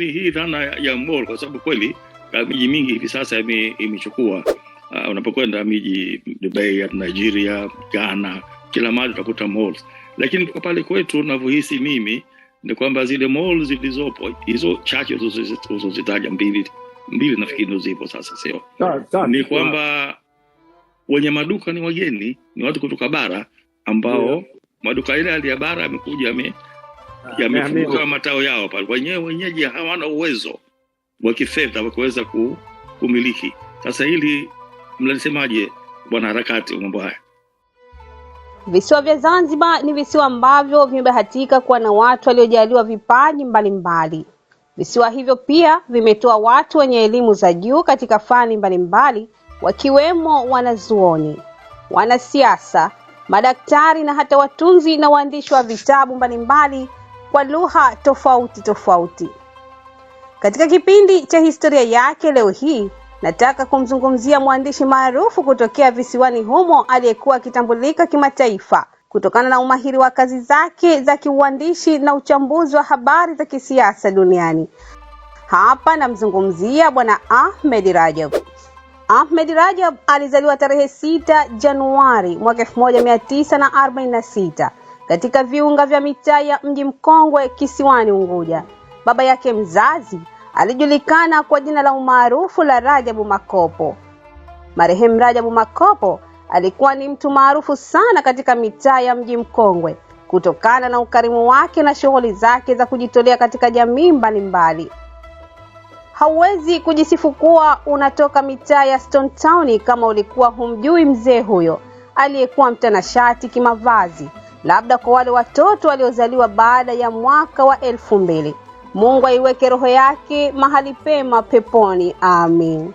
Lakini hii dhana ya mall, kwa sababu kweli miji mingi hivi sasa imechukua uh, unapokwenda miji Dubai, Nigeria, Ghana, kila mahali utakuta malls. Lakini kwa pale kwetu navyohisi mimi ni kwamba zile malls zilizopo hizo chache uzozitaja mbili mbili nafikiri ndo zipo sasa, sio ni kwamba wenye maduka ni wageni, ni watu kutoka bara ambao yeah. maduka ile hali ya bara yamekuja yamefungua yaani matao yao pale. Wenyewe wenyeji hawana uwezo wa kifedha wa kuweza kumiliki. Sasa hili mnalisemaje, bwana harakati mambo haya? Visiwa vya Zanzibar ni visiwa ambavyo vimebahatika kuwa na watu waliojaliwa vipaji mbalimbali Visiwa hivyo pia vimetoa watu wenye elimu za juu katika fani mbalimbali wakiwemo wanazuoni, wanasiasa, madaktari na hata watunzi na waandishi wa vitabu mbalimbali mbali kwa lugha tofauti tofauti. Katika kipindi cha historia yake leo hii, nataka kumzungumzia mwandishi maarufu kutokea visiwani humo aliyekuwa akitambulika kimataifa kutokana na umahiri wa kazi zake za kiuandishi na uchambuzi wa habari za kisiasa duniani. Hapa namzungumzia Bwana Ahmed Rajab. Ahmed Rajab alizaliwa tarehe 6 Januari mwaka 1946 katika viunga vya mitaa ya mji mkongwe kisiwani Unguja. Baba yake mzazi alijulikana kwa jina la umaarufu la Rajabu Makopo. Marehemu Rajabu Makopo alikuwa ni mtu maarufu sana katika mitaa ya mji mkongwe kutokana na ukarimu wake na shughuli zake za kujitolea katika jamii mbalimbali. Hauwezi kujisifu kuwa unatoka mitaa ya Stone Town kama ulikuwa humjui mzee huyo aliyekuwa mtanashati kimavazi labda kwa wale watoto waliozaliwa baada ya mwaka wa elfu mbili. Mungu aiweke roho yake mahali pema peponi, amin.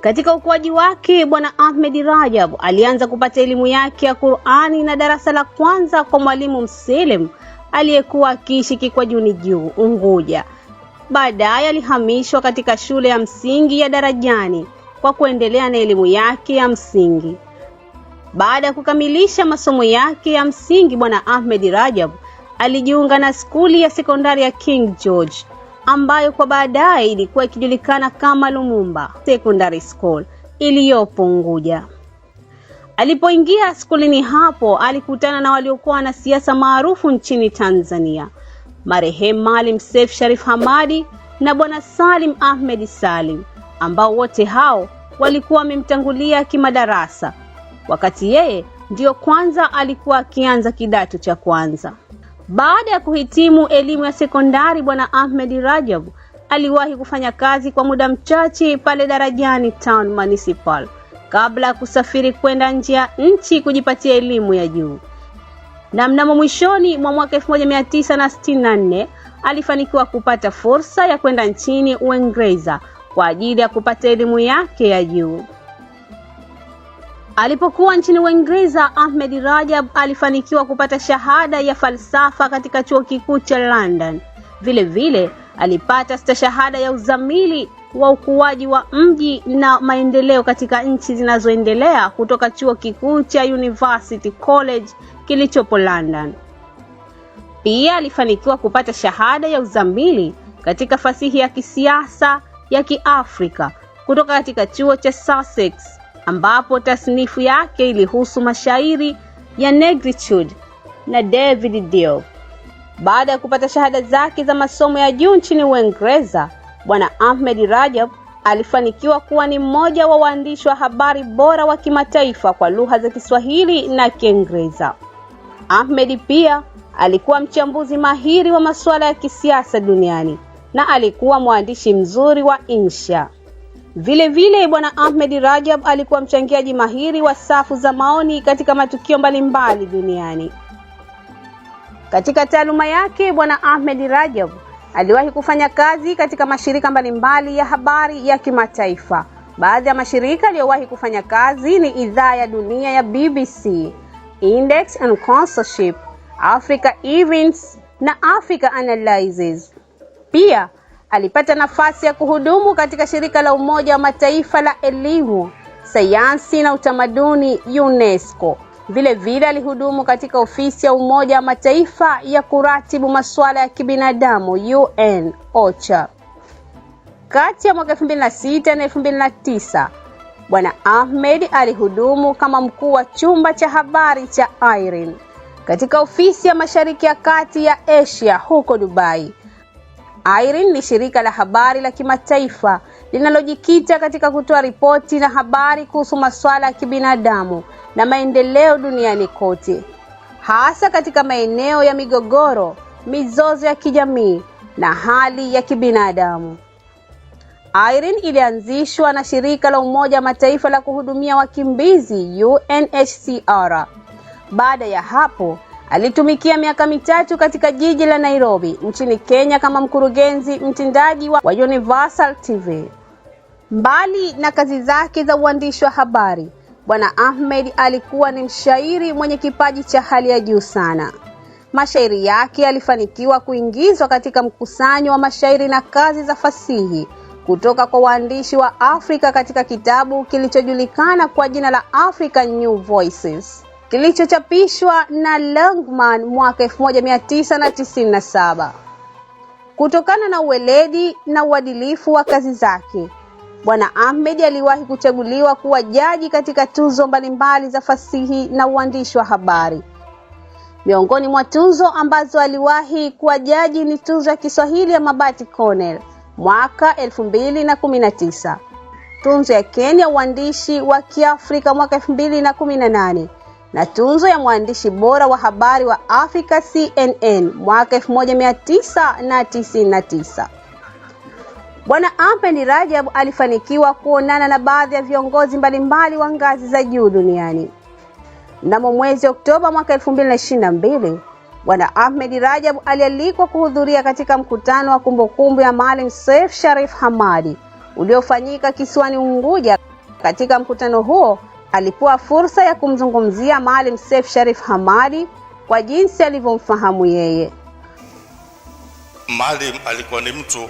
Katika ukuaji wake Bwana Ahmed Rajab alianza kupata elimu yake ya Qur'ani na darasa la kwanza kwa mwalimu Mselem aliyekuwa akiishi Kikwajuni Juu, Unguja. Baadaye alihamishwa katika shule ya msingi ya Darajani kwa kuendelea na elimu yake ya msingi. Baada ya kukamilisha masomo yake ya msingi, Bwana Ahmed Rajab alijiunga na skuli ya sekondari ya King George ambayo kwa baadaye ilikuwa ikijulikana kama Lumumba Secondary School iliyopo Unguja. Alipoingia skulini hapo alikutana na waliokuwa wanasiasa maarufu nchini Tanzania, marehemu Maalim Seif Sharif Hamadi na Bwana Salim Ahmed Salim, ambao wote hao walikuwa wamemtangulia kimadarasa wakati yeye ndiyo kwanza alikuwa akianza kidato cha kwanza. Baada ya kuhitimu elimu ya sekondari, Bwana Ahmed Rajab aliwahi kufanya kazi kwa muda mchache pale Darajani Town Municipal kabla ya kusafiri kwenda nje ya nchi kujipatia elimu ya juu, na mnamo mwishoni mwa mwaka 1964 alifanikiwa kupata fursa ya kwenda nchini Uingereza kwa ajili ya kupata elimu yake ya juu. Alipokuwa nchini Uingereza, Ahmed Rajab alifanikiwa kupata shahada ya falsafa katika Chuo Kikuu cha London. vile vile, alipata stashahada ya uzamili wa ukuaji wa mji na maendeleo katika nchi zinazoendelea kutoka Chuo Kikuu cha University College kilichopo London. Pia alifanikiwa kupata shahada ya uzamili katika fasihi ya kisiasa ya Kiafrika kutoka katika Chuo cha Sussex ambapo tasnifu yake ilihusu mashairi ya Negritude na David Diop. Baada ya kupata shahada zake za masomo ya juu nchini Uingereza, Bwana Ahmed Rajab alifanikiwa kuwa ni mmoja wa waandishi wa habari bora wa kimataifa kwa lugha za Kiswahili na Kiingereza. Ahmed pia alikuwa mchambuzi mahiri wa masuala ya kisiasa duniani na alikuwa mwandishi mzuri wa insha. Vilevile, Bwana Ahmed Rajab alikuwa mchangiaji mahiri wa safu za maoni katika matukio mbalimbali duniani. Katika taaluma yake, Bwana Ahmed Rajab aliwahi kufanya kazi katika mashirika mbalimbali ya habari ya kimataifa. Baadhi ya mashirika aliyowahi kufanya kazi ni Idhaa ya Dunia ya BBC, Index and Consorship, Africa Events na Africa Analysis. Pia Alipata nafasi ya kuhudumu katika shirika la Umoja wa Mataifa la elimu, sayansi na utamaduni UNESCO. Vile vile alihudumu katika ofisi ya Umoja wa Mataifa ya kuratibu masuala ya kibinadamu UN OCHA. Kati ya mwaka 2006 na 2009, Bwana Ahmed alihudumu kama mkuu wa chumba cha habari cha IRIN katika ofisi ya Mashariki ya Kati ya Asia huko Dubai. IRIN ni shirika la habari la kimataifa linalojikita katika kutoa ripoti na habari kuhusu masuala ya kibinadamu na maendeleo duniani kote, hasa katika maeneo ya migogoro, mizozo ya kijamii na hali ya kibinadamu. IRIN ilianzishwa na shirika la Umoja wa Mataifa la kuhudumia wakimbizi UNHCR. Baada ya hapo Alitumikia miaka mitatu katika jiji la Nairobi nchini Kenya kama mkurugenzi mtendaji wa Universal TV. Mbali na kazi zake za uandishi wa habari, Bwana Ahmed alikuwa ni mshairi mwenye kipaji cha hali ya juu sana. Mashairi yake yalifanikiwa kuingizwa katika mkusanyo wa mashairi na kazi za fasihi kutoka kwa waandishi wa Afrika katika kitabu kilichojulikana kwa jina la African New Voices kilichochapishwa na Langman mwaka 1997. Kutokana na uweledi na uadilifu wa kazi zake, Bwana Ahmed aliwahi kuchaguliwa kuwa jaji katika tuzo mbalimbali za fasihi na uandishi wa habari. Miongoni mwa tuzo ambazo aliwahi kuwa jaji ni tuzo ya Kiswahili ya Mabati Cornell mwaka 2019, tunzo ya Kenya uandishi wa Kiafrika mwaka 2018 na tunzo ya mwandishi bora wa habari wa Afrika CNN mwaka 1999. Bwana Ahmed Rajab alifanikiwa kuonana na baadhi ya viongozi mbalimbali wa ngazi za juu duniani. Mnamo mwezi Oktoba mwaka 2022, Bwana Ahmed Rajab alialikwa kuhudhuria katika mkutano wa kumbukumbu ya Maalim Seif Sharif Hamadi uliofanyika kisiwani Unguja. Katika mkutano huo alipewa fursa ya kumzungumzia Maalim Seif Sharif hamadi kwa jinsi alivyomfahamu yeye. Maalim alikuwa ni mtu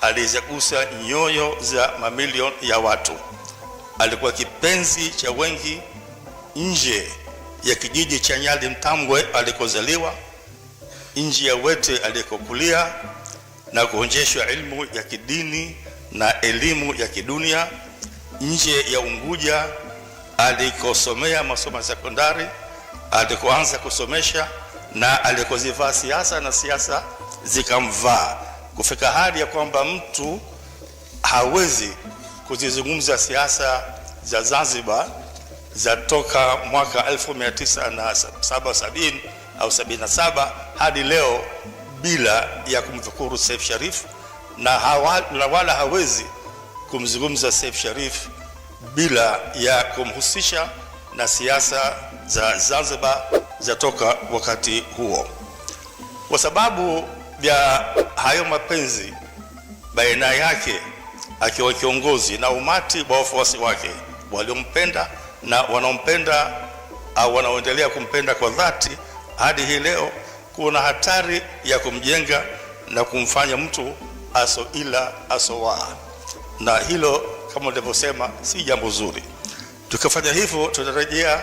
aliyezagusa nyoyo za mamilioni ya watu. Alikuwa kipenzi cha wengi nje ya kijiji cha Nyali Mtambwe alikozaliwa, nje ya Wete alikokulia na kuonjeshwa elimu ya kidini na elimu ya kidunia, nje ya Unguja alikosomea masomo ya sekondari, alikoanza kusomesha na alikozivaa siasa na siasa zikamvaa kufika hali ya kwamba mtu hawezi kuzizungumza siasa za Zanzibar za toka mwaka 1977 au 77 hadi leo bila ya kumdhukuru Seif Sharif na, hawa, wala hawezi kumzungumza Seif Sharif bila ya kumhusisha na siasa za Zanzibar za toka wakati huo. Kwa sababu ya hayo mapenzi baina yake akiwa kiongozi na umati wa wafuasi wake waliompenda na wanaompenda au wanaoendelea kumpenda kwa dhati hadi hii leo, kuna hatari ya kumjenga na kumfanya mtu aso ila asowaa, na hilo kama ulivyosema, si jambo zuri. Tukifanya hivyo, tutarejea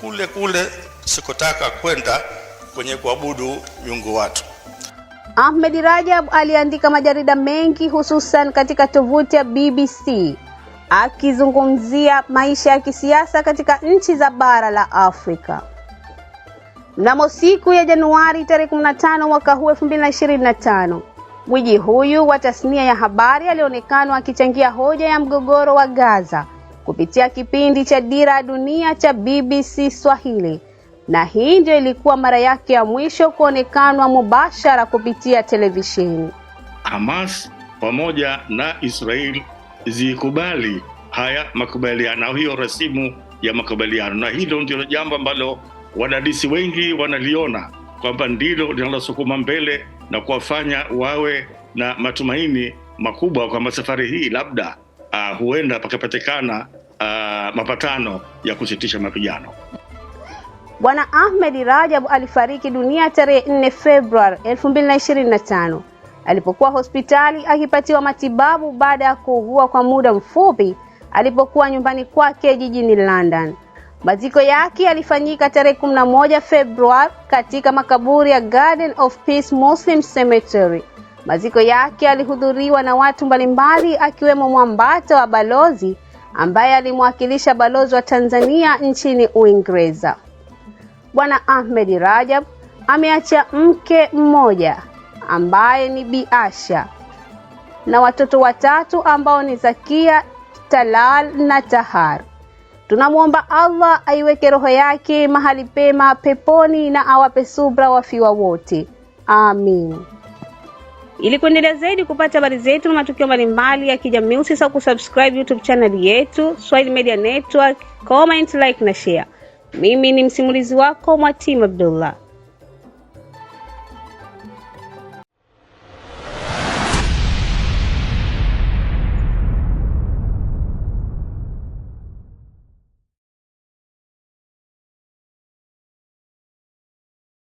kule kule sikotaka kwenda kwenye kuabudu miungu watu. Ahmed Rajab aliandika majarida mengi hususan katika tovuti ya BBC akizungumzia maisha ya kisiasa katika nchi za bara la Afrika. Mnamo siku ya Januari tarehe 15 mwaka huu 2025 Gwiji huyu wa tasnia ya habari alionekana akichangia hoja ya mgogoro wa Gaza kupitia kipindi cha Dira ya Dunia cha BBC Swahili, na hii ndio ilikuwa mara yake ya mwisho kuonekanwa mubashara kupitia televisheni. Hamas pamoja na Israel zikubali haya makubaliano, hiyo rasimu ya makubaliano, na hilo ndilo jambo ambalo wadadisi wengi wanaliona kwamba ndilo linalosukuma mbele na kuwafanya wawe na matumaini makubwa kwamba safari hii labda uh, huenda pakapatikana uh, mapatano ya kusitisha mapigano. Bwana Ahmed Rajab alifariki dunia tarehe 4 Februari 2025 alipokuwa hospitali akipatiwa matibabu baada ya kuugua kwa muda mfupi alipokuwa nyumbani kwake jijini London. Maziko yake yalifanyika tarehe 11 Februari katika makaburi ya Garden of Peace Muslim Cemetery. Maziko yake yalihudhuriwa na watu mbalimbali akiwemo mwambata wa balozi ambaye alimwakilisha balozi wa Tanzania nchini Uingereza. Bwana Ahmed Rajab ameacha mke mmoja ambaye ni Bi Asha na watoto watatu ambao ni Zakia, Talal na Tahar. Tunamwomba Allah aiweke roho yake mahali pema peponi na awape subra wafiwa wote, amin. Ili kuendelea zaidi kupata habari zetu na matukio mbalimbali ya kijamii, usisahau kusubscribe YouTube channel yetu Swahili Media Network, comment, like na share. Mimi ni msimulizi wako Mwatima Abdullah.